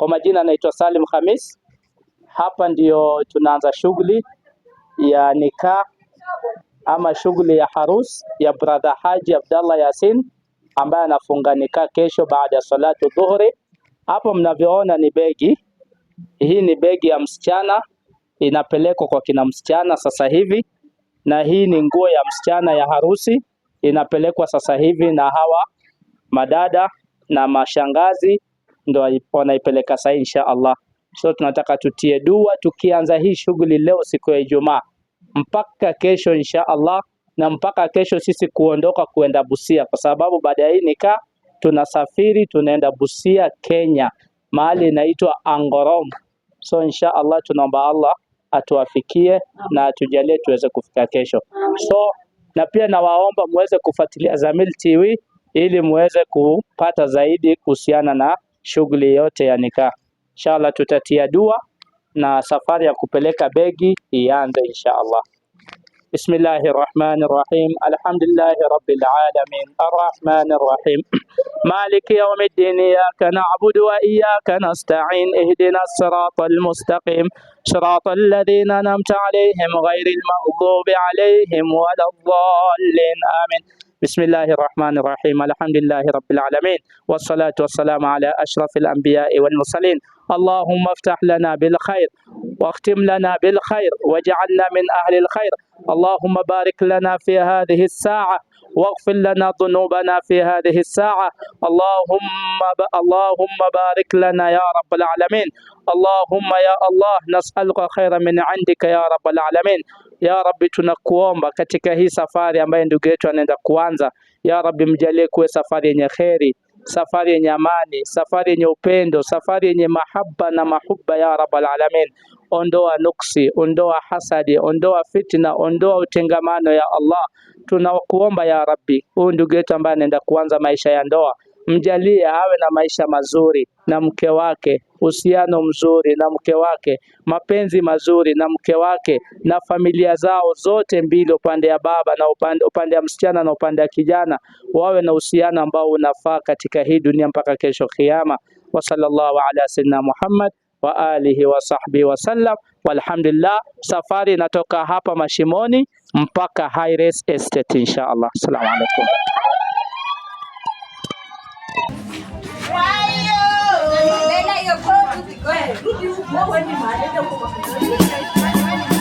Kwa majina naitwa Salim Khamis. Hapa ndio tunaanza shughuli ya nikaa ama shughuli ya harusi ya brother Haji Abdallah Yasin ambaye anafunga nikaa kesho baada ya salatu dhuhuri. Hapo mnavyoona ni begi, hii ni begi ya msichana inapelekwa kwa kina msichana sasa hivi, na hii ni nguo ya msichana ya harusi inapelekwa sasa hivi na hawa madada na mashangazi ndo wanaipeleka sahi insha Allah. So tunataka tutie dua tukianza hii shughuli leo siku ya Ijumaa mpaka kesho insha Allah, na mpaka kesho sisi kuondoka kuenda Busia, kwa sababu baada ya hii nikaa tunasafiri tunaenda Busia Kenya, mahali inaitwa Angorom. So insha Allah tunaomba Allah atuafikie na atujalie tuweze kufika kesho. So na pia nawaomba muweze kufuatilia Zamyl TV ili muweze kupata zaidi kuhusiana na shughuli yote ya nikaa. Inshallah tutatia dua na safari ya kupeleka begi ianze inshaallah. Bismillahir Rahmanir Rahim. Alhamdulillahi Rabbil Alamin. Arrahmanir Rahim. Maliki yawmiddin. Iyyaka na'budu wa iyyaka nasta'in. Ihdinas siratal mustaqim. Siratal ladzina an'amta 'alaihim ghairil maghdubi 'alaihim waladdallin. Amin. بسم الله الرحمن الرحيم الحمد لله رب العالمين والصلاة والسلام على أشرف الأنبياء والمرسلين اللهم افتح لنا بالخير واختم لنا بالخير واجعلنا من أهل الخير اللهم بارك لنا في هذه الساعة واغفر لنا ذنوبنا في هذه الساعة اللهم ب... اللهم بارك لنا يا رب العالمين اللهم يا الله نسألك خيرا من عندك يا رب العالمين Ya Rabbi, tunakuomba katika hii safari ambayo ndugu yetu anaenda kuanza, Ya Rabbi, mjalie kuwe safari yenye kheri, safari yenye amani, safari yenye upendo, safari yenye mahaba na mahuba, ya Rabbal alamin. Ondoa nuksi, ondoa hasadi, ondoa fitna, ondoa utengamano, ya Allah, tunakuomba ya Rabbi, huyu ndugu yetu ambaye anaenda kuanza maisha ya ndoa Mjalie awe na maisha mazuri na mke wake, uhusiano mzuri na mke wake, mapenzi mazuri na mke wake, na familia zao zote mbili, upande ya baba na upande, upande ya msichana na upande ya kijana, wawe na uhusiano ambao unafaa katika hii dunia mpaka kesho Kiyama. Wa sallallahu ala sayyidina Muhammad wa alihi wa sahbihi sallam. walhamdulillah. Safari inatoka hapa Mashimoni mpaka High Res Estate insha Allah. Assalamu alaikum. Hey, you're going to be good. You won't want to be mad.